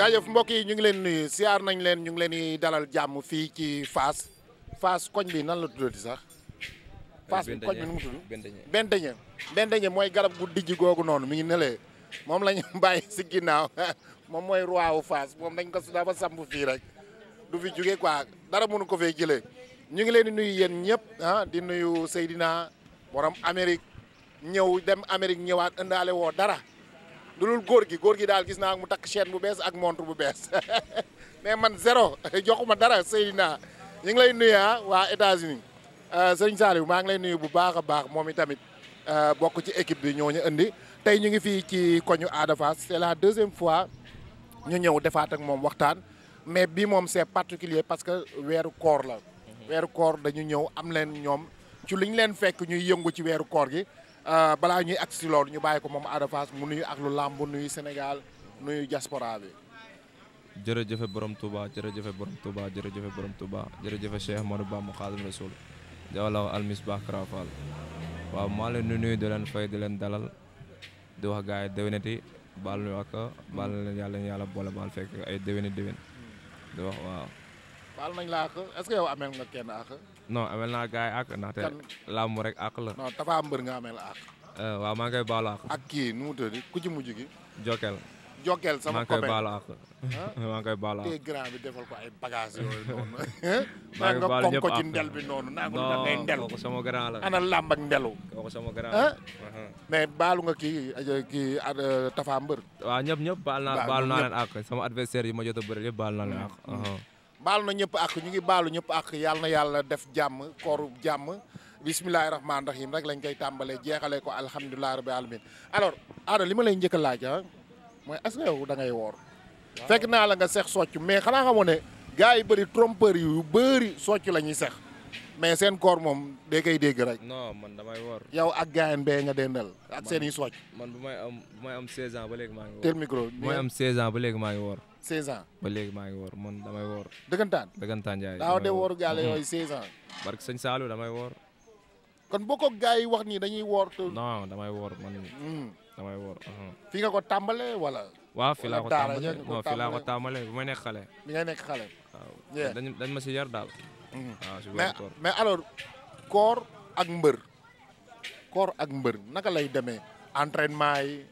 jaajëf mbokk yi ñu ngi leen nuyu siyaar nañ leen ñu ngi leen di dalal jàmm fii ci Fass Fass koñ bi nan la tuddati sax. Fass bi koñ bi nu mu bendeñe bendeñe mooy garab gu dijj googu noonu mi ngi nelee moom lañu bàyyi si ginnaaw moom mooy roi wu Fass moom dañ ko ba samp fii rek du fi jóge quoi dara mun ko fee jëlee ñu ngi leen di nuyu yéen ñëpp ah di nuyu Seydina borom Amérique ñëw dem Amérique ñëwaat indaale woo dara lu dul góor gi góor gi daal gis naa mu takk chaîne bu bees ak montre bu bees mais man zéro joxuma dara Seydina ñu ngi nuy nuya ah, waa États-Unis euh, sëñ Saliou maa ngi lay nuyu bu baax a baax moom itamit euh, bokk ci équipe bi ñoo ñu indi tey ñu ngi fii ci koñu Ada Fass c'est la deuxième fois ñu ñëw defaat ak moom waxtaan mais bi moom c'est particulier parce que weeru koor la mhm. weeru koor dañu ñëw am leen ñoom ci liñ leen fekk ñuy yëngu ci weeru koor gi Euh, balaa ñuy si loolu ñu bàyyi ko moom Ada Fass mu nuyu ak lu làmb nuyu Sénégal nuyu diaspora bi. jërëjëfe borom Touba jërëjëfe borom Touba jërëjëfe borom Touba jërëjëfe Cheikh Ahmadou Bamba Xaadimu Rasuul jawalaw almis baax Krafal waaw maa leen nu nuyu di leen fay di leen dalal di wax gars yi déwénati baal ñu ak baal leen yàlla ñu yàlla boole baal fekk ay déwéni déwén di wax waaw. baal nañ la ak est yow amel nga kenn ak. non amel naa gars yi àq ndaxte. làmb rek àq la. non Tapha Mbeur nga amel àq. Eh, waaw maa ngi koy baalu ak kii nu mu tëddee ku ci mujj gi. Jokal. Jokal sama copain maa ngi ah? maa ngi koy baalu àq te ko ay bagages maa eh? ngi baalu ko ci ndel bi sama grand la ana sama grand eh? uh-huh. mais baalu nga kii kii euh, Tapha Mbeur. waaw ñëpp ñëpp baal naa baalu naa leen àq sama adversaire yi ma jot a bëri yëpp baal naa leen àq. baal na ñëpp ak ñu ngi baalu ñëpp ak yàlla na yàlla def jàmm kooru jàmm bismillahi rahmaani rahim rek lañ koy tàmbalee jeexalee ko alhamdulilahi rabbi alamin alors Ada li ma lay njëkk a laaj ah, mooy est-ce que yow da ngay woor fekk naa la nga sex socc mais xanaa xamoo ne gars yi bëri trompeur yu bëri socc la ñuy sex mais seen koor moom day koy dégg rek. non man damay woor. yow ak gaa gaayen bee nga dendal. ak seen i man bu may am bu may am ba léegi maa ngi micro bi am 16 ba léegi maa ngi woor. seize ans ba léegi maa ngi woor man damay woor dëggantaan dëggantaan Ndiaye daaw de wooru gaale yooyu seize ans barke sëñ Saalou damay woor kon boo ko yi wax nii dañuy woor non damay woor man hmm. damay woor uh-huh. fi nga wala waaw fi laa ko tàmbalee non fi laa ko tàmbalee bu may nekk xale bi nekk xale waaw dañ ma si yar daal hmm. mais alors koor ak mbër koor ak mbër naka lay demee entraînement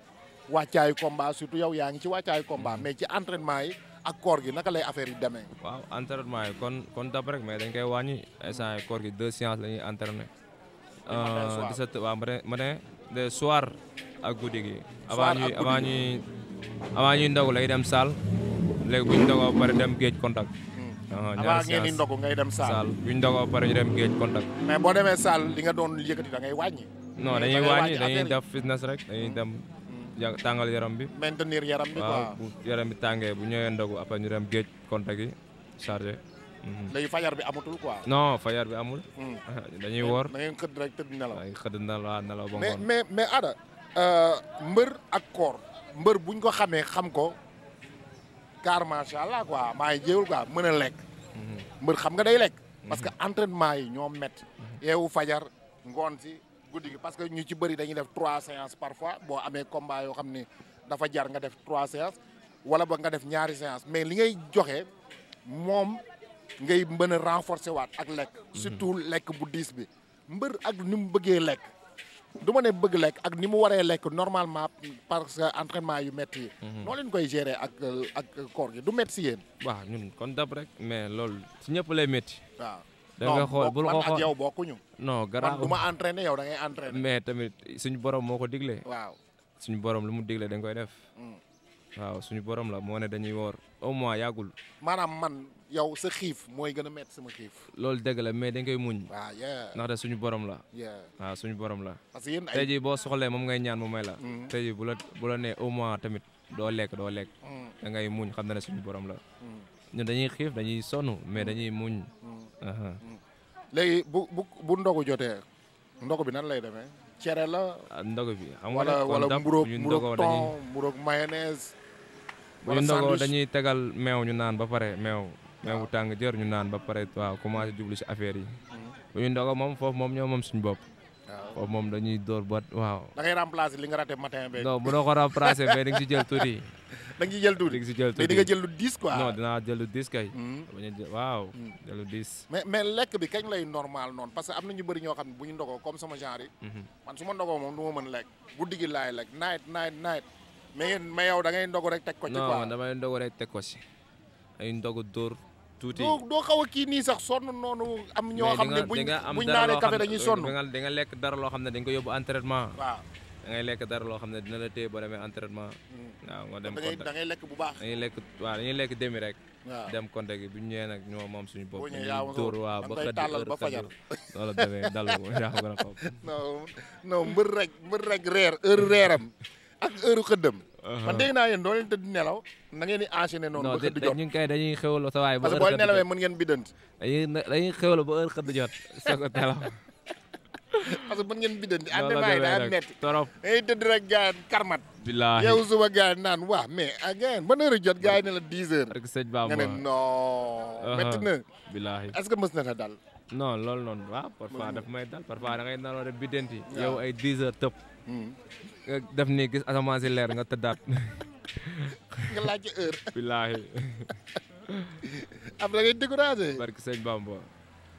wàccaayu combat surtout yow yaa ngi ci wàccaayu combat mhm. mais ci entraînement yi ak koor gi naka lay affaire yi demee. waaw entraînement yi kon kon dab rek mais dañ koy wàññi instant koor gi deux séances la ñuy entraîné. Euh, dix-sept waaw ak guddi gi. soir ak avant ñuy avant ñuy avant lay dem salle léegi bu ñu ndogoo ba pare dem géej contact. Hmm. Euh, avant ngeen di ndogu ngay dem saal bu ñu ndogoo pare ñu dem géej contact. mais boo demee saal li nga doon yëkkati da ngay wàññi. non dañuy wàññi dañuy def fitness rek dañuy hmm. dem. tàngal yaram bi. maintenir yaram bi waaw bu yaram bi tàngee bu ñëwee ndogu après ñu dem géej contact yi chargé. Mhm. léegi fajar bi amatul quoi. non fajar bi amul. Hmm. dañuy woor da ngeen xëdd rek tëdd ah, mais mais euh, mbër ak koor. mbër buñ ko xamee xam ko. car macha allah quoi maa ngi jéewul quoi mën a lekk. Mhm. mbër xam nga day lekk. parce que mhm. entraînement yi ñoo métti. yeewu fajar ngoon si. guddi gi parce que ñu ci bëri dañuy def trois séances parfois boo amee combat yoo xam ni dafa jar nga def trois séances wala ba nga def ñaari séances mais li ngay joxe moom ngay mën a renforcer waat ak lekk. Mhm. surtout lekk bu diis bi. mbër ak ni mu bëggee lekk du ma ne bëgg lekk ak ni mu waree lekk normalement parce que entraînement yu métti yi. Mhm. noo leen koy gérer ak ak koor gi du métti si yéen. waaw ñun kon dab rek mais loolu si ñëpp lay métti. waaw. da nga xool bul xoo yow bokkuñu. non garaaw man du ma entraîné yow da ngay entraîné. mais tamit suñu borom moo ko digle. waaw suñu borom lu mu digle dañ koy def. Mm. waaw suñu borom la moo ne dañuy woor au moins yàggul. maanaam man yow sa xiif mooy gën a métti sama xiif. loolu dëgg la mais dañ koy muñ. waaw ndax suñu borom la. waaw suñu borom la. parce que boo soxlee moom ngay ñaan mu may la. Mm. tey jii bu la bu la nee au moins tamit doo lekk doo lekk. Mm. da ngay muñ xam na ne suñu borom la. ñun dañuy xiif dañuy sonn mais dañuy muñ. léegi bu bu bu ndogu jotee ndogu bi nan lay demee cere la. Ah, ndogu bi xam nga wala wala mburoog mburoog bu mburoog mayonnaise. wala ndogoo dañuy tegal meew ñu naan ba pare meew. meew bu ah. tàng jër ñu naan ba pare waaw commencé jublu si affaire yi. bu mm-hmm. ñu ndogoo moom foofu moom ñoo moom suñu bopp. waaw ah. moom dañuy door ba waaw. da ngay li nga raté matin beeg. bu doo ko remplacer di nga ci jël tuuti. danga nga jël tuuti mais di nga jël lu diis quoi. Hmm. waaw hmm. jël diis. mais mais lekk bi kañ lay normal noonu parce que am na ñu bëri ñoo xam ne bu ñu ndogoo comme sama genre mhm. man su ma ndogoo moom du ma mën lekk guddi gi laay lekk night night night mais mais yow da ngay ndogu rek teg ko ci. quoi ndogu ko ci ay ndogu dóor. tuuti doo doo xaw kii nii sax sonn noonu am. ñoo xam ne buñ buñ naanee café dañuy sonn. da nga lekk dara loo xam ne dañ ko yóbbu entraînement. da ngay lekk dara loo xam ne dina la téye boo demee entraînement. Mm. waaw nga dem contact da ngay lekk bu baax. dañuy lekk waaw dañuy lekk demi rek. dem contact bu ñu ñëwee nag moom suñu bopp. ñu dóor waaw ba xëy na ba fajar. loolu demee dal ko yaa ko gën a xam. non non mbër rek mbër rek reer heure reeram ak heure xëddëm uh-huh. man dégg naa yéen doo leen tëdd nelaw na ngeen di enchaîner noonu. ba xëdd jot non ñu ngi dañuy xewloo sa waay. ba heure xëdd jot parce que boo nelawee mën ngeen biddanti. dañuy dañuy xewloo ba heure xëdd jot soog a nelaw parce que mën ngeen biddanti ànd bàyyi daa metti torop ay tëdd rek karmat billaahi yow suba gaan naan waa mais a ah, gaan ban jot gars yi ne la dix heures rek sëñ Bamba nga ne na uh-huh. billaahi est-ce que mës na la dal non loolu noonu waaw parfois daf may dal parfois da ngay naroo de biddanti ay dix heures tëpp hmm. def nii gis leer nga tëddaat nga laaj heure billaahi après da ngay découragé barke sëñ Bamba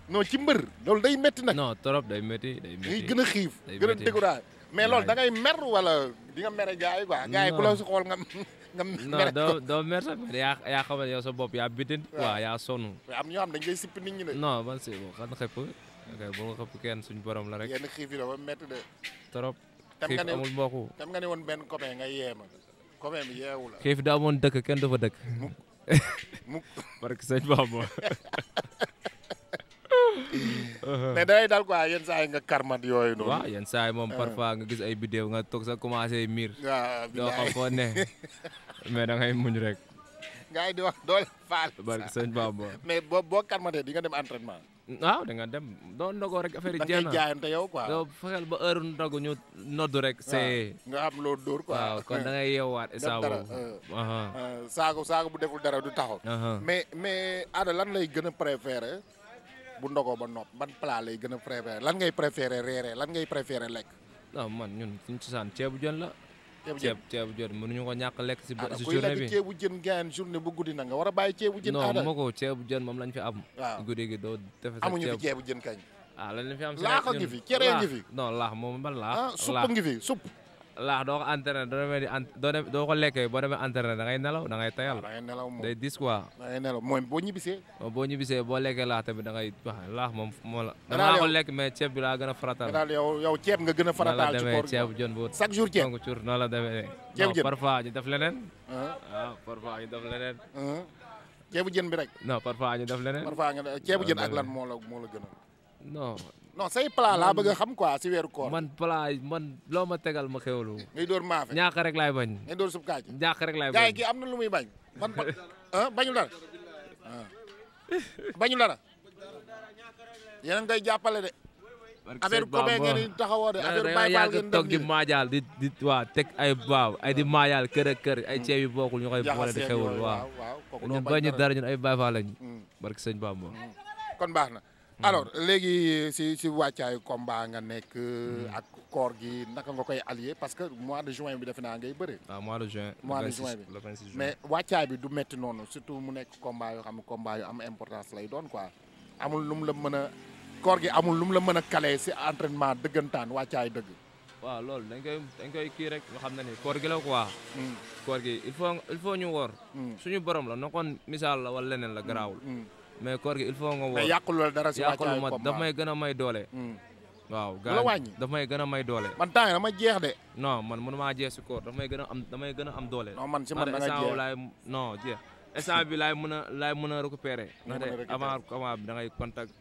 non ci mbër loolu day metti nag. non trop day métti day métti. gën a mais loolu da ngay mer wala di nga mere gars yi quoi. gars ku la si xool nga nga mere. non doo doo mer sax yaa xam ne sa bopp yaa bitin. waaw yaa sonn. am ñoo xam dañ koy sipp nit ñi de. non man si xan xëpp ok xëpp kenn suñu borom la rek. yenn xiif yi dafa métti de. trop xiif amul nga ne woon benn copain nga yee ma copain bi yeewu la. xiif daa dëkk kenn dafa dëkk. mu mu. parce que sëñ Bamba Uh-huh. mais day dal quoi yenn saa yi nga karmat yooyu noonu. waaw yenn saa moom uh-huh. parfois nga gis ay bidéew nga toog sa commencé miir. waaw doo xam di wax doole faal. barke sëñ Bamba. boo karmatee di nga dem entraînement. waaw da nga dem doo ndogoo rek affaire yi jeex na da ngay ba heure ndogu ñu noddu rek. c'est nga am loo dóor kon da ngay yeewaat saa boobu. saako saako bu deful dara du taxaw. Uh-huh. mais mais Ada lay gën a préféré. bu ndogoo ba nopp ban plat lay gën a préféré lan ngay préféré reeree lan ngay préféré lekk. non man ñun suñu cosaan ceebu jën la. ceebu jën ceebu jën mënuñu ko ñàkk lekk si. Ah, si journée bi ceebu jën gaan journée bu guddi na nga war a bàyyi ceebu jën. aada non ma ko ceebu jën moom lañ fi am. waaw guddi gi doo defe amuñu fi ceebu jën kañ. ah lan lañ fi am si laax ngi fi cere ngi fi. non laax moom ban laax. ah supp ngi fi supp laax doo ko entraîné doo demee di ent doo ko lekkee boo demee entraîné da ngay nelaw da ngay tayal. da ngay nelaw moom day dis quoi. da ngay nelaw mooy boo ñibbisee. boo ñibbisee boo lekkee laax da ngay wax moom moo la. lekk mais ceeb bi laa gën a farataal. yow yow ceeb nga gën a farataal ci koor ceeb jën bu. chaque jour ceeb donc cuur noonu la demee. ceeb jën parfois ñu def leneen. Uh-huh. waaw parfois ñu def leneen. Uh-huh. ceebu jën bi rek. non parfois ñu def leneen. parfois ceebu jën ak lan moo la moo la gënal. non say plat laa bëgg a xam quoi si weeru koor. man plat man loo ma tegal ma xéwlu. ngay dóor maafe ñaax rek laay bañ. ngay dóor sub rek laay bañ gars yi am na lu muy bañ. man ah bañu dara ah. bañu dara yéen a ngi koy jàppale de. affaire commune ngeen di taxawoo de affaire bàyyi baal ngeen toog di maajaal di ay waaw ay di maajaal kër ak kër ay ceeb yu bokkul ñu koy boole di xewul waaw ñun bañu dara ñun ay Baay Faal lañu hmm. barki sëñ Bamba hmm. kon baax na Mm. alors léegi euh, si si wàccaayu combat nga nekk. Euh, mm. ak koor gi naka nga koy allier parce que mois de juin bi defe naa ngay bëre. waaw ah, mois de juin. mois de juin bi mais wàccaay bi du métti noonu surtout mu nekk combat yoo xam ne combat yu am importance lay doon quoi amul lu mu la mën a koor gi amul lu mu la mën a caler si entraînement dëggantaan wàccaay dëgg. waaw loolu dañ koy dañ koy kii rek nga xam na ni koor gi la quoi. Mm. koor gi il faut il faut ñu woor. suñu borom la nokkoon misaal la wala leneen la garaawul. mais koor gi il faut nga woo. mais yàqul la may gën a may doole. Hmm. waaw gars daf may gën a may doole. man temps dama jeex de. no man mënumaa jeex si koor daf may gën a am damay gën a am doole. non man si man da nga jeex laay non laay mën a laay mën a récupérer. ndaxte avant combat bi da ngay contact.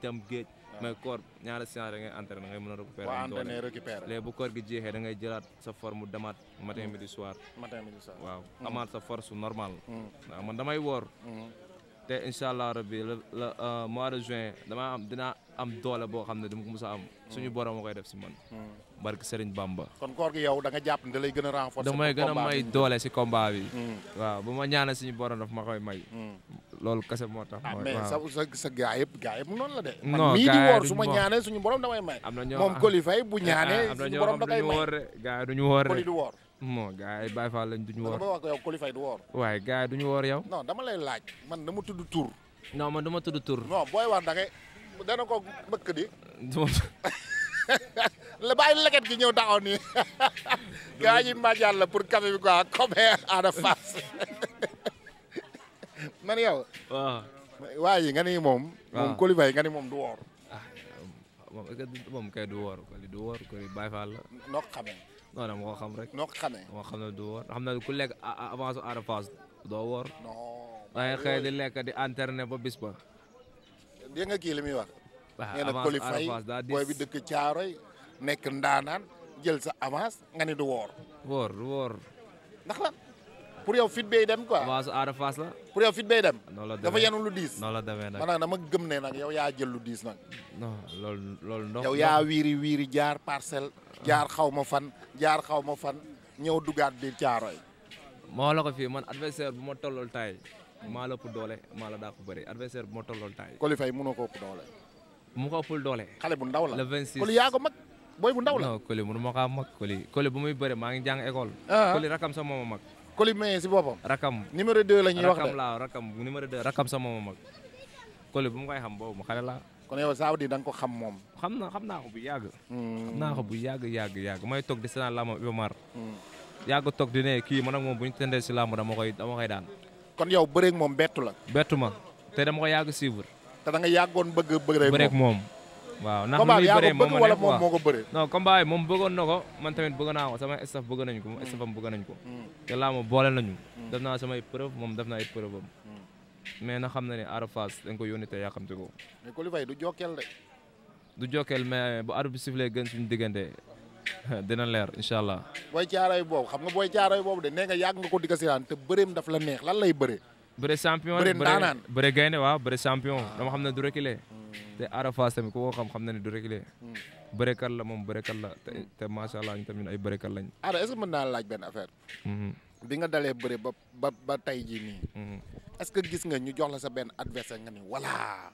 dem géej. mais koor ñaari séance da ngay entraîné ngay mën a récupérer. waaw entraîné récupérer bu koor gi jeexe da ngay jëlaat sa forme demaat matin hmm. midi soir. matin midi soir waaw hmm. amaat sa force normale. waaw man damay woor. te incha allah rabi la euh, mois de juin damaa am dina am doole boo xam ne dama ko mos a am. suñu hmm. borom a koy def si man. Hmm. barke Serigne Bamba. kon koor yow da nga jàpp ne lay gën a renforcer. damay gën a may doole si combat bi. Hmm. waaw bu ma ñaanal suñu borom daf ma koy may. loolu kese moo tax. Ah, waaw mais sa sa yëpp gars yëpp de. non di woor ma ñaanee suñu borom damay may. am na ñoo bu ñaanee. suñu borom da koy may am woor moo gars yi Baye Fall lañ duñu woor. du woor. waaye gars yi duñu woor dama lay laaj. man dama tudd tur. non man dama tudd tur. non booy wax da ngay ko bëkk di. la bàyyi leket gi ñëw taxaw nii. gars yi ma jàll pour café bi quoi comme aada face. man yow. waaw. waaye ni moom. moom qualifié nga ni moom du woor. Ah, moom kay du woor du woor Baye Fall la. noo xamee. non non moo xam rek. noo ko xamee moo xam ne du woor xam naa ku lekk avance su Arafat doo woor. waaye xëy di lekk di internet ba bis ba. dégg nga kii li muy wax. nee na qualifié booy bi dëkk Caaroy nekk ndaanaan jël sa avance nga ni du woor. woor du woor. pour yow fit bay dem quoi. waaw su aada la. pour bay dem. dafa yenu lu diis. noonu la demee nag man gëm ne nag yow yaa jël lu diis nag. non loolu loolu yaa wiiri wiiri jaar parcel jaar xaw ma fan jaar xaw ma fan ñëw dugaat biir caaro moo la ko fii man adversaire bu ma tollool taay maa la ëpp doole maa la daa ko bëri adversaire bu ma tollool taay. Coly Faye mënoo ko ëpp doole. mu ko ëppul doole. xale bu ndaw la le 26 yaa ko mag booy bu ndaw la. non Coly mënu ma kaa mag Coly Coly bu muy bëri maa ngi jàng école. Coly ah. rakam sa moom a mag. Coly si boppam. rakam numéro 2 la ñuy wax de rakam laa rakam numéro 2 rakam sama mag. Coly bu ma koy xam boobu xale la kon yow saa di da ko xam moom. xam na xam naa ko bu yàgg. Hmm. xam naa ko bu yàgg yàgg yàgg may toog di seetaan làmb Ibamar. Hmm. yàgg toog di ne kii man ak moom bu ñu tëndee si làmb dama koy dama koy daan. kon yow bëreeg moom bettu la. betu ma te dama ko yàgg suivre. te da nga yàggoon bëgg bëreeg moom. waaw ndax combat bi yaa ko bëgg wala moom moo ko bëree non combat bi moom bëggoon na ko man tamit bëgg naa ko sama staff bëgg nañ ko moom staffam bëgg nañ ko mm. te laa ma boole nañu mm. def naa samay preuve moom def naa ay preuve am mm. mais na xam na ne Ada Fass dañ ko yónni te yaa xam te ko mais Coly Faye du jokkeel de du jokkeel mais bu arbitre bi sifflé gën suñu diggante dina leer incha allah booy caaray boobu xam nga booy caaray boobu de nee nga yàgg nga ko digga siraan te bëreem daf la neex lan lay bëree bëre champion bëre ndaanaan bëre gaynde waaw bëre ah. dama xam ne du reculer hmm. te Arafas tamit ku ko xam xam na ne du reculer hmm. bërekat la moom bërekat la te hmm. te macha allah ñu tamit ay bërekat lañ Ada est-ce que mën naa laaj benn affaire bi nga dalee bëre ba ba ba tey jii nii est que gis nga ñu jox la sa benn adversaire nga ni voilà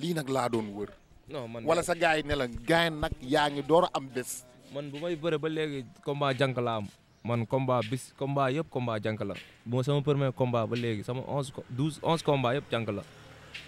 lii nag laa doon wër non man wala sa gars yi ne la gars nag yaa ngi door a am bés man bu may bëre ba léegi combat jànk laa am man combat bis combat yëpp combat jànk la moo sama premier combat ba léegi sama onze douze onze combat yëpp jànk la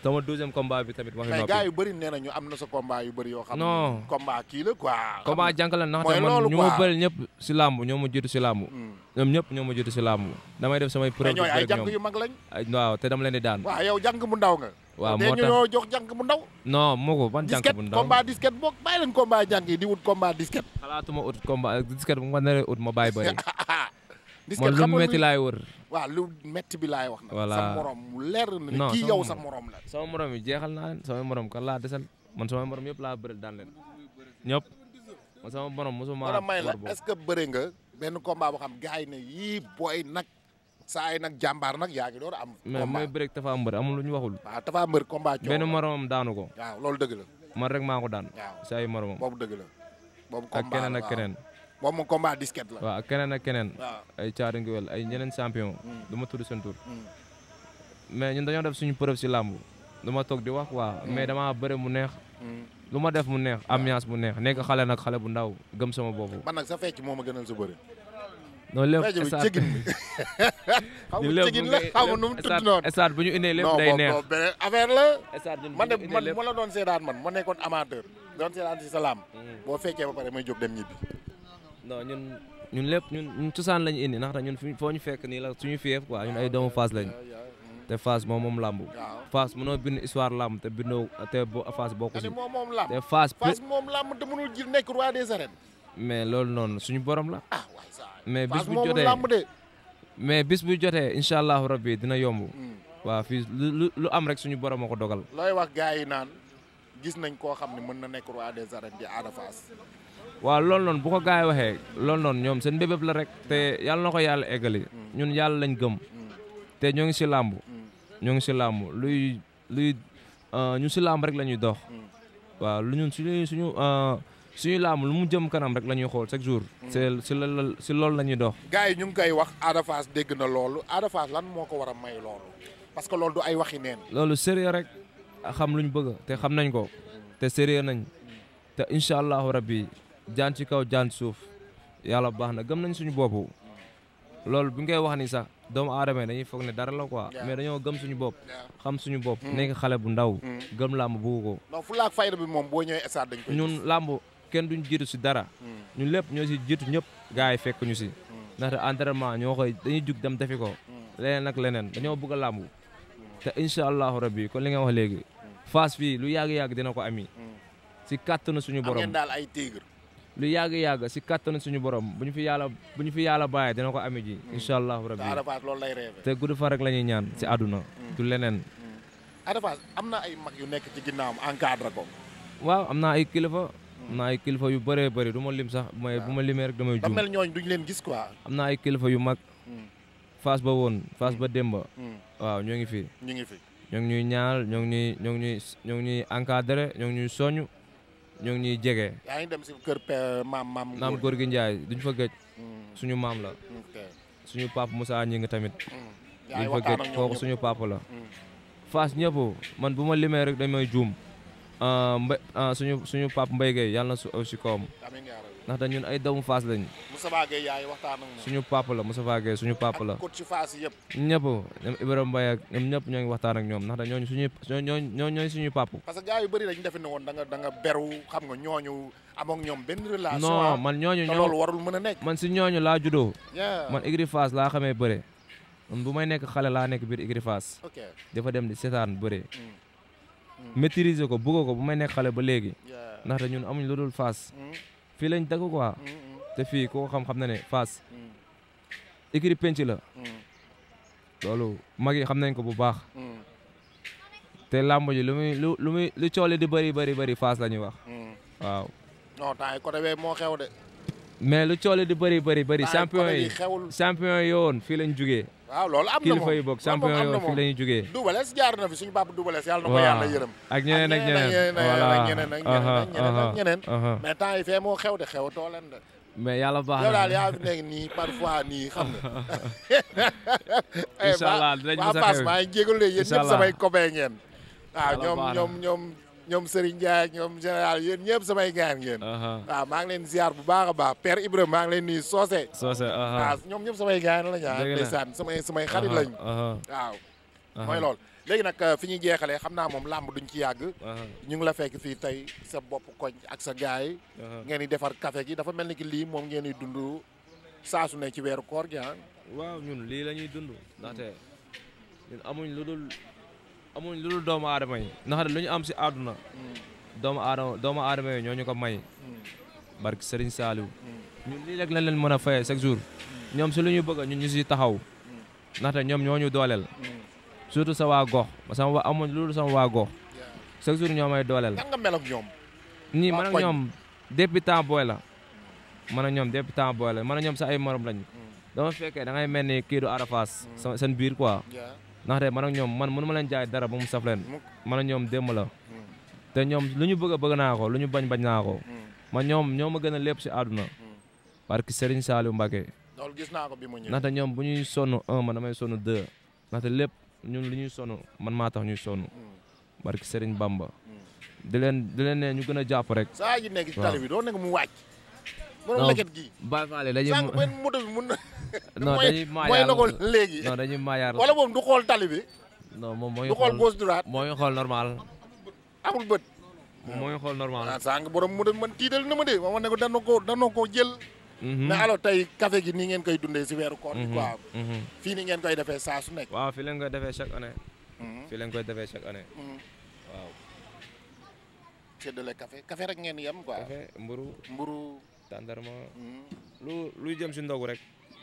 sama deuxième combat bi tamit waxi noppi. mais gars yu bëri nee nañu am na sa combat yu bëri yoo xam. non combat kii la quoi. combat jànkalan ndax man ñu ma bëri ñëpp si làmb ñoo ma jiitu si làmb. Hmm. ñoom ñëpp ñoo ma jiitu si làmb. damay def samay preuve ñooy ay jàng yu mag lañ. waaw te dama leen di daan. waaw yow jàng bu ndaw nga. waaw moo tax ñu ñoo jox jàng bu ndaw. non moo ko ban jàng bu ndaw disquette combat disquette boog bàyyi leen combat jàng yi di wut combat disquette. xalaatuma ut combat disquette bu ma naree ut ma bàyyi bëri disquette xam nga lu metti laay wër. waaw lu bi laay wax. voilà sa morom mu leer na ne kii yow sa morom la. sama morom yi jeexal naa leen sama morom kan laa desal man sama morom yëpp laa bëri daan leen ñëpp man morom mosuma. wala may la est-ce nga benn combat boo xam gars yi ne yii booy nag saa yi nag jàmbaar nag yaa ngi door am. mais mooy bëri ak Tafa Mbër amul lu ñu waxul. waaw ah, Tafa Mbër combat coow benn daanu ko. waaw loolu dëgg la. man rek maa ko daan. waaw saa yu moromam dëgg la. boobu ak keneen ak keneen boobu moom combat disquette la. waaw keneen ak keneen. ay caari ngi wel ay ñeneen champion. Hmm. du ma tudd seen tur. Hmm. mais ñun dañoo def suñu preuve si làmb. du ma toog di wax waa hmm. mais damaa bëre mu neex. lu ma def mu neex ambiance mu neex nekk xale nag xale bu ndaw gëm sama bopp. man nag sa fecc moo ma gënal sa bëre. non lépp esaat léegi la xamu nu mu tudd noonu. esaat bu ñu indee lépp day neex non boobu affaire la. doon seedaan man ma nekkoon amateur. doon seedaan si salaam. boo feccee ba pare may jóg dem ñibbi. non ñun ñun lépp ñun ñun cosaan lañu indi ndax ñun foo ñu fekk nii la suñu fiyeef quoi ñun ay doomu Fass lañu te Fass moom moom làmb Fass mënoo bind histoire làmb te bindoo te Fass bokku si te Fass moom làmb te mënul ji nekk roi des arènes mais lool noonu suñu borom la ah, mais bis bu jotee mais bis bu jotee incha allahu rabbi dina yomb hmm. waaw fii lu am rek suñu borom a ko dogal looy nañ koo xam ne mën na nekk roi waaw lool noonu bu ko gars yi waxee loolu noonu ñoom seen bébéb la rek te yàlla na ko yàlla eggali ñun yàlla lañ gëm te ñoo ngi si làmb ñoo ngi si làmb luy luy euh, ñu si làmb rek la ñuy dox waaw lu ñun suñu suñu euh, suñu làmb lu mu jëm kanam rek la ñuy xool chaque jour mm. c'est si lool si loolu la ñuy dox gars yi ñu ngi koy wax Ada dégg na loolu Ada lan moo ko war a may loolu parce que loolu du ay waxi neen loolu sérieux rek xam luñ bëgg te xam nañ ko te sérieux nañ te incha allahu rabbi jaan ci kaw jaan suuf yàlla baax na gëm nañ suñu bopp loolu bi ngay wax ni sax doomu aadama dañuy foog ne dara la quoi mais dañoo gëm suñu bopp xam suñu bopp mm. nekk xale bu ndaw mm. gëm làmb bugg ko donc fu laak fayda bi moom boo ñëwee stade dañ ko ñun làmb kenn duñ jiitu si dara mm. ñu lépp ñoo si jiitu ñëpp gars yi fekk si ndaxte entraînement ñoo koy dañuy jug dem defi ko leneen ak leneen dañoo bëgg a làmb te incha allahu rabbi kon li nga wax léegi phase fii lu yàgg-yàgg dina ko ami si kàttanu suñu borom am ngeen lu yàgg-yàgg si kattanu suñu borom bu ñu fi yàlla bu dina ko amee mm. te gudd fa rek la ñuy ñaan si àdduna. Mm. du leneen. Mm. Ada am na ay mag yu nekk ci ginnaawam encadré ko. waaw am naa ay kilifa. am naa ay kilifa yu bëree bëri ma lim sax bu may bu ma limee rek damay juum. damel ñooñu duñ leen ba woon Fass ba Demba. waaw ñoo ngi fi. ñu ngi fi ñoo ñu ngi ñuy jege. yaa dem si kër maam maam. maam góor gi Ndiaye duñ fa gëj. Mm. suñu maam la. suñu papa Moussa ñi nga tamit. Mm. duñ fa gëj kooku suñu papa la. Mm. Fass ñëpp man bu ma limee rek dañ may juum. Euh, mba euh, suñu suñu pap mbay Gueye yàlla su aw si kawam ndax da ñun ay doomu Fass lañ Moustapha Gueye yaay waxtaan suñu pap la Moustapha Gueye suñu pap la coach yëpp ñëpp ñoom Ibrahima Mbaye ak ñoom ñëpp ñoo ngi waxtaan ak ñoom ndax da ñooñu suñuy ñooñu ñooñu suñu pap parce que gars yu bëri dañu defe ne woon da nga da nga beru xam nga ñooñu amoon ñoom benn relation non ah. man ñoo loolu warul mën a man si ñooñu laa juddoo man Igri Fass laa xamee bëre man bu may nekk xale laa nekk biir Igri Fass dafa dem di seetaan bëre mm. maîtriser ko bëgg ko bu may nekk xale ba léegi ndaxte ñun amuñ lu dul Fass mm. fii lañ dëkk quoi mm, mm. te fii ko xam-xam na ne Fass écurie penc la loolu mag yi xam nañ ko bu baax te làmb ji lu muy lu lu muy lu coole di bëri bari bëri Fass la ñuy wax waaw non temps yi moo xew mais lu coole di bëri bëri bëri champion yi champion yi fii lañ jugee waaw loolu am na moom kilifa yi boog champion yoo fi la ñuy jógee. Dubales jaar na fi suñu papa Dubales yàlla na ko ak ñeneen ak ñeneen ak ñeneen ak ñeneen mais temps moo xew de xew too leen de. mais yàlla baax na yow daal yaa nii parfois nii xam nga. incha eh, allah dinañ mos a xew waa Passe maa ngi jégalu de yéen ñëpp ah, ñoom ñoom. ñoom Serigne Ndiaye ñoom général yéen ñëpp samay gaan ngeen waaw maa ngi leen ziar bu baax a baax per Ibrahima maa ngi leen nuyu Socé Socé waaw ñoom ñëpp samay gaan lañ ah samay samay xarit lañ waaw mooy léegi nag fi ñuy jeexalee xam naa moom làmb duñ ci yàgg ñu ngi la fekk fii tey sa bopp koñ ak sa gaay ngeen di defar café gi dafa mel ni ki lii moom ngeen di dund saasu ne ci weeru koor gi ah waaw ñun lii lañuy ñuy dund ndaxte ñun amuñ lu dul amuñ lu dul doomu aadama yi ndax lu ñu am si aduna doomu aadama doomu aadama yi ñoo ñu ko may barke Serigne Saliou ñun lii rek lañ leen mën a fayee chaque jour ñoom si lu ñu bëgg ñu ñu si taxaw ndaxte ñoom ñoo ñu dooleel surtout sa waa gox sama waa amuñ lu dul sama waa gox chaque jour ñoo may dooleel. nan nga mel ak ñoom. ñii man ak ñoom depuis temps booy la man ak ñoom depuis temps booy la man ak ñoom sa ay morom lañ mm. dama fekkee da ngay mel ni kii du mm. biir quoi. ndaxte man ak ñoom man mënu ma leen jaay dara ba mu saf leen man ak ñoom démb la mm. te ñoom lu ñu bëgg a bëgg naa ko lu ñu bañ bañ naa ko mm. man ñoom ñoo ma gën a lépp si àdduna parce mm. que Serigne Saliou Mbacké loolu gis naa ko bi mu ñëw ndaxte ñoom bu ñu ñuy sonn un man damay sonn deux ndaxte lépp ñun lu ñu sonn man maa ñu ñuy sonn barki Serigne Bamba di leen di leen ne ñu gën a jàpp rek saa mënoon leket gi. Baay Faal yi dañuy sànq benn moto bi mun na. non dañuy maayaar mooy mooy léegi. non dañuy maayaar wala moom du xool tali bi. non moom moo ñu xool du xool gauche droite. moo ñu xool normal. amul bët. moo ñu xool normal. waaw ah, sànq borom moto bi man tiital ma de ma ne ko danoo koo danoo koo jël. mais mhm. alors tey café gi nii ngeen koy dundee si weeru koor bi mhm, quoi. Mhm. fii nii ngeen koy defee saa su waaw fii koy defee chaque année. fii koy defee chaque année. mburu. tàndarma lu luy jëm si ndogu rek.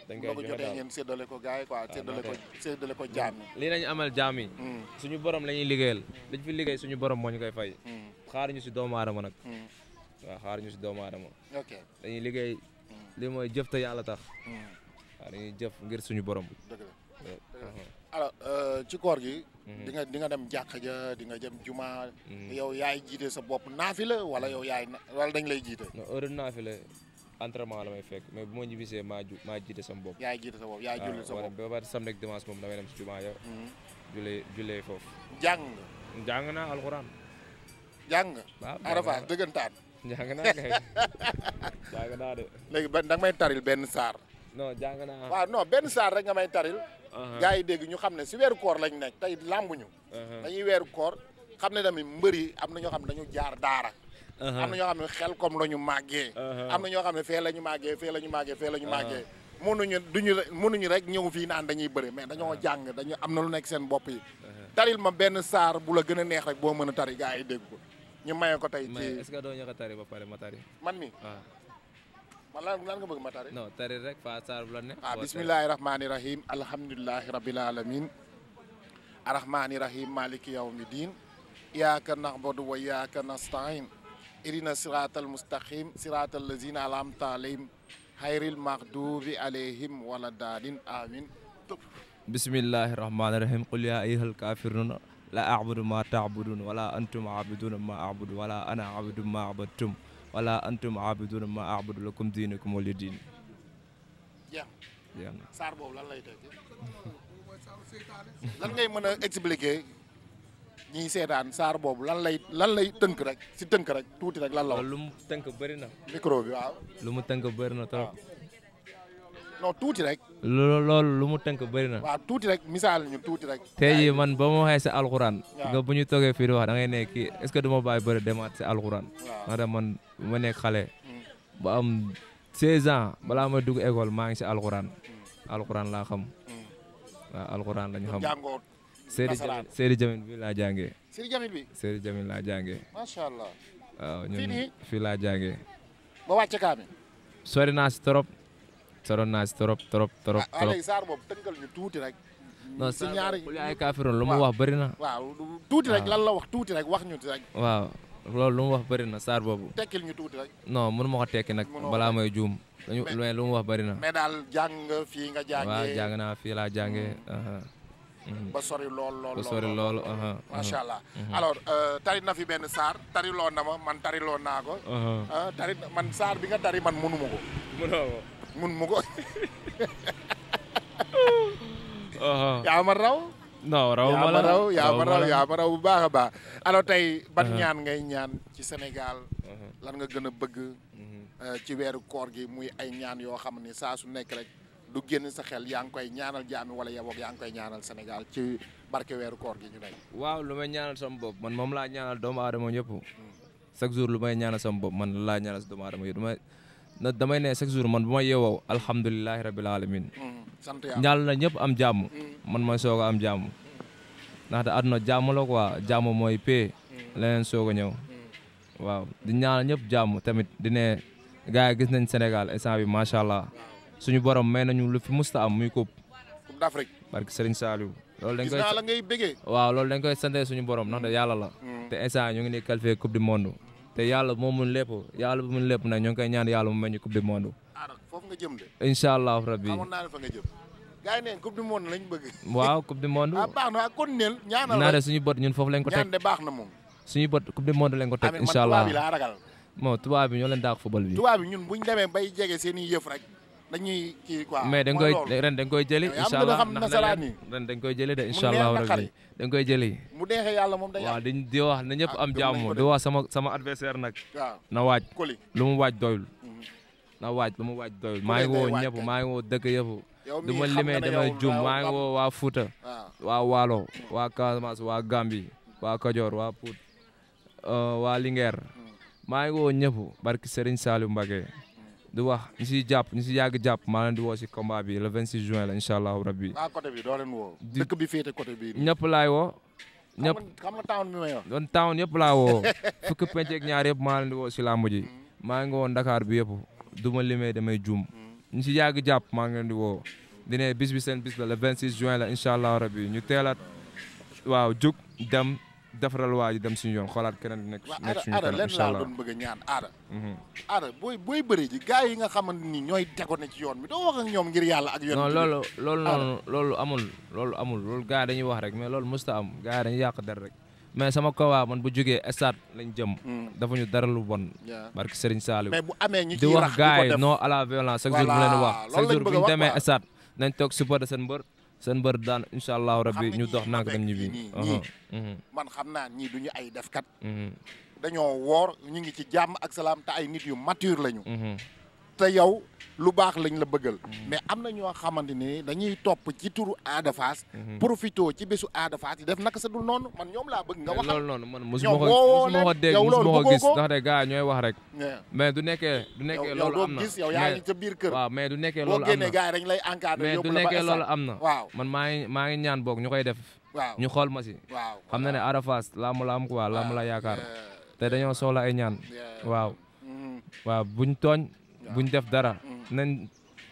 dañ koy joxe daal ngeen séddale ko gars yi quoi ah, séddale ko séddale ko jaam yi. lii nañu amal jaam hmm. suñu borom la ñuy liggéeyal. dañ fi liggéey suñu borom moo ñu koy fay. Hmm. xaar ñu si doomu aadama nag. Hmm. xaar ñu si doomu aadama. ok dañuy liggéey li mooy jëf yàlla tax. waaw dañuy jëf ngir suñu borom. alors euh, ci koor gi. Mhm. di nga di nga dem jàkka ja di nga dem juma. Mhm. yow yaay jiite sa bopp naafi la wala yow yaay wala dañ lay jiita non heure naafi la entraînement la may fekk mais bu ma ñibbisee maa ju maa jiite sama bopp. yaay jiite sa bopp yaay julli sa ah, bopp waaw ba samedi ak dimanche moom damay dem si juma ja. jullee mhm. jullee foofu. jàng. jàng naa alxuraan. jàng. waaw arafa dëggantaan. jàng naa de. léegi ba da may taril benn saar. non jàng naa. waaw non benn saar rek nga may taril. Uh-huh. gars yi dégg ñu xam ne si weeru koor lañ nekk tey làmbuñu uh-huh. dañuy weeru koor xam ne tamit mbër yi am na ñoo xam ne dañu jaar daara uh-huh. am na ñoo xam ne xel comme la ñu màggee am na ñoo xam ne fee la ñu màggee fee la ñu màggee fee la ñu màggee mënuñu duñu mënuñu rek ñëw fii naan dañuy bëri mais dañoo jàng dañu am na lu nekk seen bopp yi taril ma benn saar bu la gën a neex rek boo mën a tari gars yi dégg ko ñu maye ko tey ci est-ce doo ñu ko tari ba pare ma tari man mi ah. man lan lan nga bëgg ma tari. Eh? non tari rek Fass Sarr bu la ne. waaw ah, bismillahi rahmaani rahim alhamdulilahi rabil alamin arrahmaani rahim maliki yawmi diin iyyaka na'budu wa iyyaka nasta'in irina siratal mustaqim siratal lazina an'amta alayhim xayril maxdubi alayhim wala daalin amin bismillahi rahmaani rahim qul yaa ayyuhal kaafiruun la a'budu ma ta'budun wala antum aabiduna ma a'budu wala ana aabidu ma abadtum wala antum aabiduna ma aabudu lakum diinukum wala diin. jeex na saar boobu lan lay tekki lan ngay mën a expliquer ñiy seetaan saar boobu lan lay lan lay tënk rek si tënk rek tuuti rek lan la. lu mu tënk bëri na. micro bi waaw. lu mu tënk bëri na trop. non tuuti rek. loolu lu mu tënk bëri na. waaw tuuti rek misaal ñu tuuti man ba ma waxee sa alxuraan. nga bu ñu toogee fii di wax da ngay ne kii est que du ma bàyyi bëri demaat si alxuraan. waaw man bu ma nekk xale. Hmm. ba am 16 ans balaa ma dugg école maa ngi si alxuraan. Hmm. alxuraan laa xam. Hmm. waaw lañu xam. jàngoo nasaraan Seydou Jamin bi laa jàngee. Seydou Jamin bi. Seydou laa jàngee. macha allah. waaw ñun fii laa jàngee. ba si trop. soroon naa si trop trop trop ah, ah, trop. waaw léegi Sarr boobu tënkal ñu tuuti rek. non si ñaari ay kaafiroon lu mu wax bëri na. waaw tuuti rek ah. lan la wax tuuti rek wax ñu rek. waaw loolu lu mu wax bëri na Sarr boobu. tekkil ñu tuuti rek. non mënu ma ko tekki nag balaa may juum. dañu lu mu wax bëri na. mais daal jàng nga fii nga jàngee waaw jàng naa fii laa jàngee. Hmm. Hmm. ba sori lool lool ba sori lool. macha allah hmm. alors euh, tari na fi benn saar tari loo na ma man tari loo naa ko. tari man saar bi nga tari man mënu ma ko. mënoo ko. mun mu ko. yaa ma raw. non yaa ma raw yaa ma raw bu baax a baax. alors tey ban ñaan ngay ñaan ci Sénégal. lan nga gën a bëgg. Mhm. Euh, ci weeru koor gi muy ay ñaan yoo xam ne saa su nekk rek du génn sa xel yaa ngi koy ñaanal jaami wala yow yaa ngi koy ñaanal Sénégal ci barke weeru koor gi ñu nekk. waaw lu may ñaanal sama bopp man moom laa ñaanal doomu aadama ñëpp. Hmm. chaque jour lu may ñaanal sama bopp man laa ñaanal si doomu aadama yëpp na damay ne chaque jour man bu ma yeewoo alhamdulilahi rabil alamin mm, sant yàlla na ñëpp am jàmm mm. man ma soog a am jàmm mm. ndaxte àdduna jàmm la quoi jàmm mooy pee leen soog a ñëw waaw di ñaanal ñëpp jàmm tamit di ne gars yi gis nañ Sénégal instant bi macha allah suñu borom may ñu lu fi musta am muy coupe d'Afrique barke Serigne Saliou loolu dañ koy gis waaw loolu dañ koy suñu borom na de yàlla la te instant ñu ngi ne qualifié coupe du te yàlla moo mun lépp yàlla bu mun lépp nag ñoo ngi koy ñaan yàlla mu meññ coupe du monde. foofu nga jëm de. incha allah rabbi xamoon naa ne fa nga jëm. gars yi ne coupe du ah, suñu bët ñun foofu lañ ko suñu bët coupe du monde lañ ko teg. incha allah ñun bu ñu demee dañuy kii quoi mais dañ koy ren dañ koy jëli incha allah xam nasaraan yi ren dañ koy jëli de incha allah rabbi dañ koy jëli mu neexee yàlla moom day waaw dañ di wax na ñëpp ah, am jàmm di wax sama sama adversaire nag mhm. na waaj lu mu waaj doyul na waaj lu mu waaj doyul maa ngi woo ñëpp maa ngi woo dëkk yëpp du ma limee damay jum maa ngi woo waa Fuuta waa Waalo waa Casamance waa Gambi waa Kajoor waa Pout euh, waa Linguère mm. maa ngi woo ñëpp barki Serigne Saliou Mbacké di wax ñu siy jàpp ñu si yàgg jàpp maa leen di woo si combat bi le 26 juin la incha allahu rabbi. ah côté bi doo leen woo. dëkk bi féete côté bi. ñëpp laay ñëpp xam nga town bi laa woo fukki ñaar yëpp maa leen di woo si la ji. maa ngi woon Dakar bi yëpp du ma limee damay juum. Mm. ñu si yàgg jàpp maa ngi leen di woo. di ne bis bi seen bis la le 26 juin la incha allahu rabbi ñu teel a waaw jug dem. defaral waa ji dem suñu yoon xoolaat keneen nekk nekk suñu kanam incha allah doon bëgg a ñaan aada aada mhm. booy booy bëri ji gars yi nga xamante ni ñooy dego ne ci yoon bi doo wax ak ñoom ngir yàlla ak yoon noonu loolu amul loolu amul dañuy wax rek mais loolu musta am gars yàq der rek mais sama kawaa man bu jógee stade lañ jëm mm. dafa ñu dara lu bon barke Serigne Saliou mais bu amee ñu ci rax di wax gars yi non à la violence chaque jour wax chaque jour bu ñu demee stade nañ toog support de seen seen bër daan incha allahu rabi ñu dox nànk dem ñibbi. Mhm. man xam naa ñii du ñu ay defkat. Mhm. dañoo woor ñu ngi ci jàmm ak salaam te ay nit yu mature lañu. Mhm. te yow lu baax lañ la bëggal mais am na ñoo xamante ni dañuy topp ci turu Ada Fass mhm. profité ci bésu Ada Fass def naka sa dul noonu man ñoom laa bëgg nga wax loolu noonu man mosuma ko mosuma ko dégg mosuma ko gis ndax de gars ñooy wax rek mais du nekkee du nekkee loolu am na yow yaa ngi biir kër waaw mais du nekkee loolu am na gars yi lay encadré mais du loolu am na waaw man maa ngi maa ngi ñaan boog ñu koy def waaw ñu xool ma si waaw xam na ne Ada Fass laamu la am quoi laamu la yaakaar te dañoo soxla ay ñaan waaw mm-hmm. waaw buñ tooñ ñu def dara mm. nañ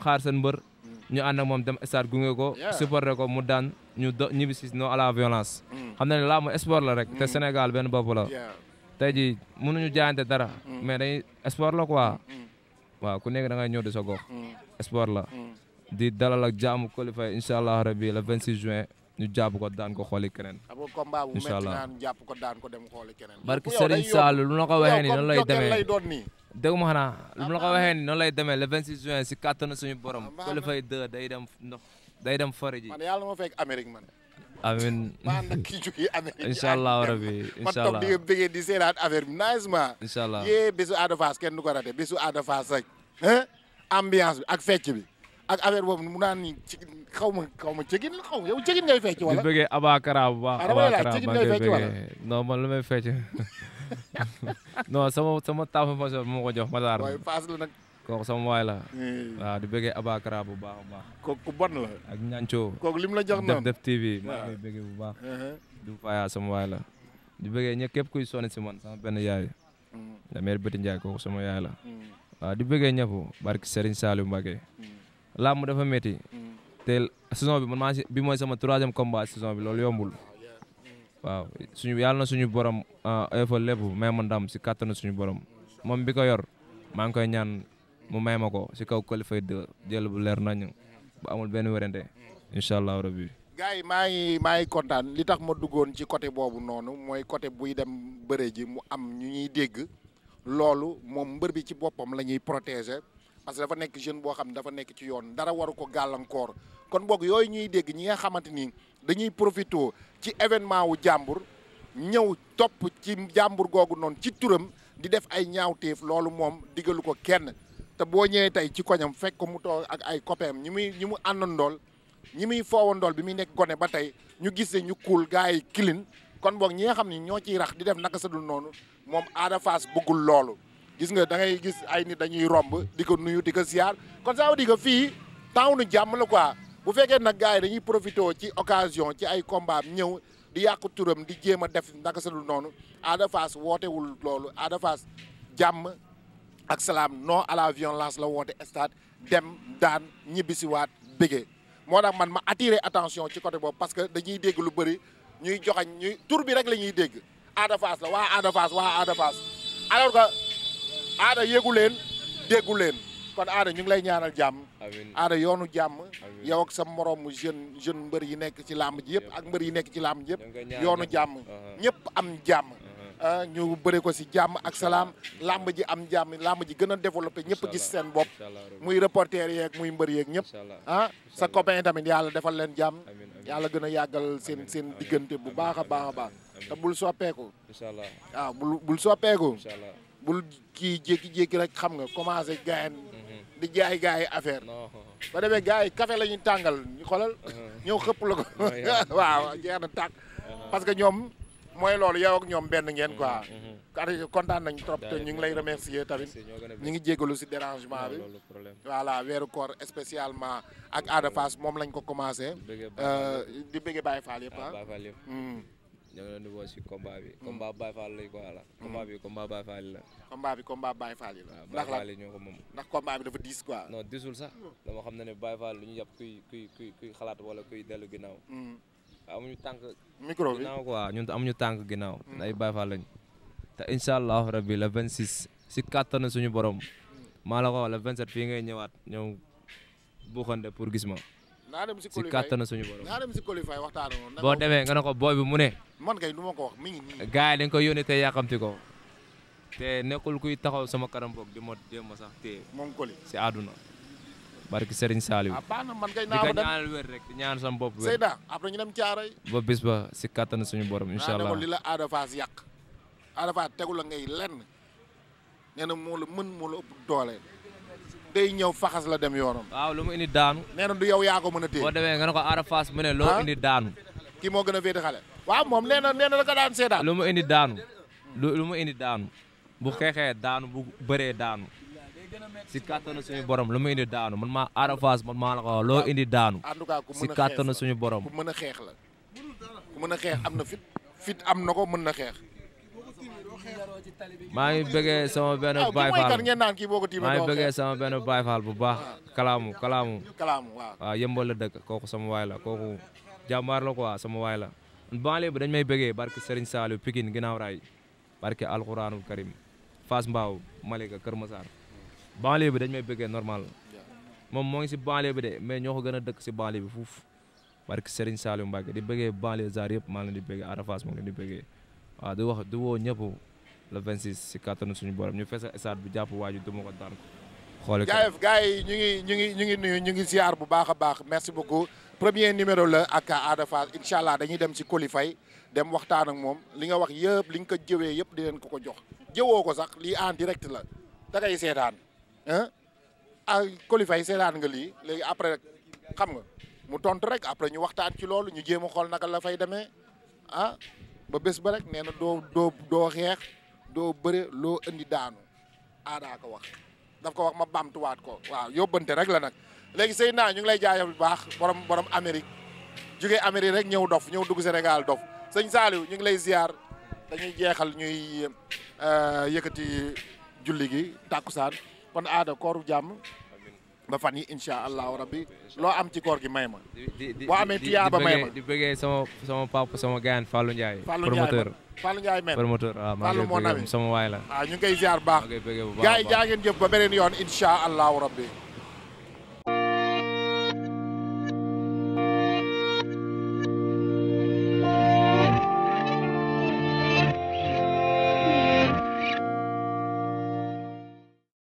xaar san mbër mm. ñu ànd moom dem stade gunge ko supporter ko mu daan ñu do ñibbi si non à la mm. xam na ne laa mu sport la rek te Sénégal benn bopp la tey jii mënuñu jaayante dara mais dañuy sport la quoi waaw ku nekk da ngay ñëw di sa gox sport la di dalal ak jaamu qualifié incha allah rabi le 26 ñu jàpp ko daan ko xooli keneen. incha allah barki Serigne Sall lu na ko waxee nii noonu lay demee dégg ma xanaa lu ma la ko waxee nii noonu si kàttanu suñu borom. ko fay dë day dem ndox day dem fori ji. man yàlla ma fekk Amérique man. amiin maanaam kii jógee di bëggee di seetaat affaire bi nice ma. incha yee bisu Ada Fass kenn du ko raté bésu Ada Fass rek. bi ak fecc bi ak affaire boobu mu naan ni ci xaw ma xaw ma cëgin ma yow cëgin ngay fecc wala. di bëggee ngay bëggee non man lu fecc. non sama sama taafu ma moo ko jox Matar. waaye paas la nag. kooku sama waay la. Eh. waaw di bëggee Abakara bu baax a baax. kooku ku bon la. ak ñancoo. kooku lim la jox noonu def def TV. waaw maa bu baax. Uh-huh. du faya sama waay la. di bëggee ñëpp képp kuy sonn si man sama benn yaay. Mm. la mère Béti Ndiaye kooku sama yaay la. Mm. waaw di bëggee ñëpp barki Serigne Saliou Mbacké. Mm. làmb dafa métti. te saison bi man maa si bi mooy sama troisième combat saison bi loolu yombul. waaw suñu yàlla na suñu borom ah, oyofal lépp may ma si kàttanu suñu borom moom bi ko yor maa ngi koy ñaan mu may ma ko si kaw qualifié de jël bu leer nañu bu amul benn werante incha allah rabbi. gars yi maa ngi maa ngi kontaan li tax ma duggoon ci côté boobu noonu mooy côté buy dem bëre ji mu am ñu ñuy dégg loolu moom mbër bi ci boppam la ñuy protéger parce que dafa nekk jeune boo xam ne dafa nekk ci yoon dara waru ko gàllankoor kon boog yooyu ñuy dégg ñi nga xamante ni dañuy profité. ci événement wu jàmbur ñëw topp ci jàmbur googu noonu ci turam di def ay ñaaw ñaawteef loolu moom digalu ko kenn te boo ñëwee tey ci koñam fekk mu toog ak ay copains ñi muy ñi mu àndandool ñi muy foowandool bi muy nekk gone ba tey ñu gis ne ñu kuul gars yi kilin kon boog ñi nga xam ni ñoo ciy rax di def naka sa noonu moom Ada Fass bëggul loolu gis nga da ngay gis ay nit dañuy romb di ko nuyu di ko ziar kon ça veut dire que fii taw nu jàmm la quoi bu fekkee nag gars yi dañuy profité ci occasion ci ay combat ñëw di yàqu turam di jéem a def naka sa dul noonu Ada Fass wootewul loolu Ada Fass jàmm ak salaam non à la violence la woote stade dem daan ñibbisiwaat bégee moo tax man ma attirer attention ci côté boobu parce que dañuy dégg lu bëri ñuy joxañ ñuy tur bi rek la ñuy dégg Ada Fass la waa Ada Fass waa Ada Fass yéegu leen déggu leen kon aada ñu ngi lay ñaanal jàmm aada yoonu jàmm yow ak sa moroomu jeune jeune mbër yi nekk ci làmb ji yëpp ak mbër yi nekk ci làmb ji yëpp yoonu jàmm uh-huh. ñëpp am jàmm uh-huh. ah, ñu bëri ko si jàmm ak salaam làmb ji am jàmm làmb ji gën a développé ñëpp gis seen bopp muy reporter yeek muy mbër yeek ñëpp ah sa copain tamit yàlla defal leen jàmm yàlla gën a yàggal seen seen diggante bu baax a baax a baax te bul soppeeku waaw ah, bul bul soppeeku bul kii jékki-jékki rek xam nga commencé gayen di jaay gars yi affaire ba demee gars yi café la ñuy tàngal ñu xoolal uh-huh. ñëw xëpp la ko waaw jeex na tàkk uh-huh. parce que ñoom mooy loolu yow ak ñoom benn ngeen quoi uh-huh. ati kontaan nañ trop te ñu ngi lay remercier tamit ñu ngi jégalu si dérangement bi voilà weeru koor spécialement ak Ada Fass moom lañ ko commencé di bëgge euh, Baye Fall yëpp ah ñu ngi leen di woo si combat bi. combat Baye Fall yi quoi la. combat bi combat Baye Fall yi la. combat bi combat Baye Fall yi la. waaw Baye ñoo ko moom. ndax combat bi dafa diis quoi. non ñu yàpp kuy kuy kuy kuy xalaat wala hmm. bi ginnaaw quoi ñun amuñu tànk ginnaaw. Hmm. suñu borom. maa la ko wax le 27 fii ngay ñëwaat ñëw buuxante pour gis ma. naa dem si qualifier si kàttanu suñu borom. boo demee nga ne ko booy bi mu ne. man kay lu ma ko wax mi ngi nii. gars yi dañ ko yónnee te yàqamti ko nekkul kuy taxaw sama kanam boog di ma jéem a sax téye. moom Coly si àdduna. barki Serigne Saliou. ah baax ñaanal wér rek di ñaan sama bopp wér. Seyda après ñu dem ba bis si kattan suñu borom incha allah. li la Ada Fass yàq. Ada Fass tegu la ngay lenn nee na moo la mën moo la ëpp doole. day ñëw faxas la dem yoonam. waaw lu mu indi daanu. nee na du yow yaa ko mën a téye. boo nga ne Ada Fass mu ne loo ah? indi daanu. kii moo gën a féete xale. waaw moom nee na nee na lu mu indi daanu lu mu indi daanu bu xeexee daanu bu bëree daanu si kàttanu suñu borom lu mu indi daanu man maa arafas man maa la ko loo ah, indi daanu si kàttanu suñu borom. ku mën a xeex la mën a xeex am na fit fit am na ko mën na xeex. maa ngi bëggee sama benn baay faal maa ngi bëggee sama benn baay faal bu baax kalaamu kalaamu. waaw yëmbal la dëkk kooku sama waay la kooku jàmbaar la quoi sama waay la. banlieue bi dañ may bëggee barke Serigne Saliou Pikine ginnaaw raay barke alxuraanul karim Fass Mbao Malika Kër Massar banlieue bi dañ may bëggee normal moom moo ngi si banlieue bi de mais ñoo ko gën a dëkk si banlieue bi fuuf barke Serigne Saliou Mbacke di bëggee banlieue zaar yëpp maa ngi leen di bëggee Arafaas moo ngi leen di bëggee waaw di wax la woo ñëpp le 26 si kattanu suñu borom ñu fees stade bi jàpp waaju duma ko daan ko. xooli ko jaayef gars ñu ñu ñu ñu ngi bu baax a baax premier numéro la ak Ada Fass incha allah dañuy dem ci qualify dem waxtaan ak moom li nga wax yëpp li nga ko jëwee yëpp di leen ko ko jox jëwoo ko sax lii en direct la da seetaan ah ah qualify seetaan nga lii léegi après xam nga mu tontu rek après ñu waxtaan ci loolu ñu jéem a xool naka la fay demee ah ba bés ba rek nee na doo doo doo xeex doo bëre loo indi daanu Ada ko wax daf ko wax ma bamtuwaat ko waaw yóbbante rek la nag. léegi sey naa ñu ngi lay jaajëfal bu baax borom borom Amérique jugee Amérique rek ñëw dof ñëw dugg Sénégal dof sëñ Saliou ñu ngi lay ziar dañuy jeexal ñuy euh, yëkkati julli gi tàkkusaan kon aada kooru jàmm ba fan yi incha allahu rabbi loo am ci koor gi may ma. boo amee tuyaaba may ma di bëggee sama sama papa sama gaan Fallou Ndiaye. promoteur Fallou Ndiaye même promoteur waaw maa ngi sama waay la. Ah, ñu ngi koy baax. maa ngi koy bëggee bu baax gars yi jaa ngeen jëf ba beneen yoon incha allahu rabbi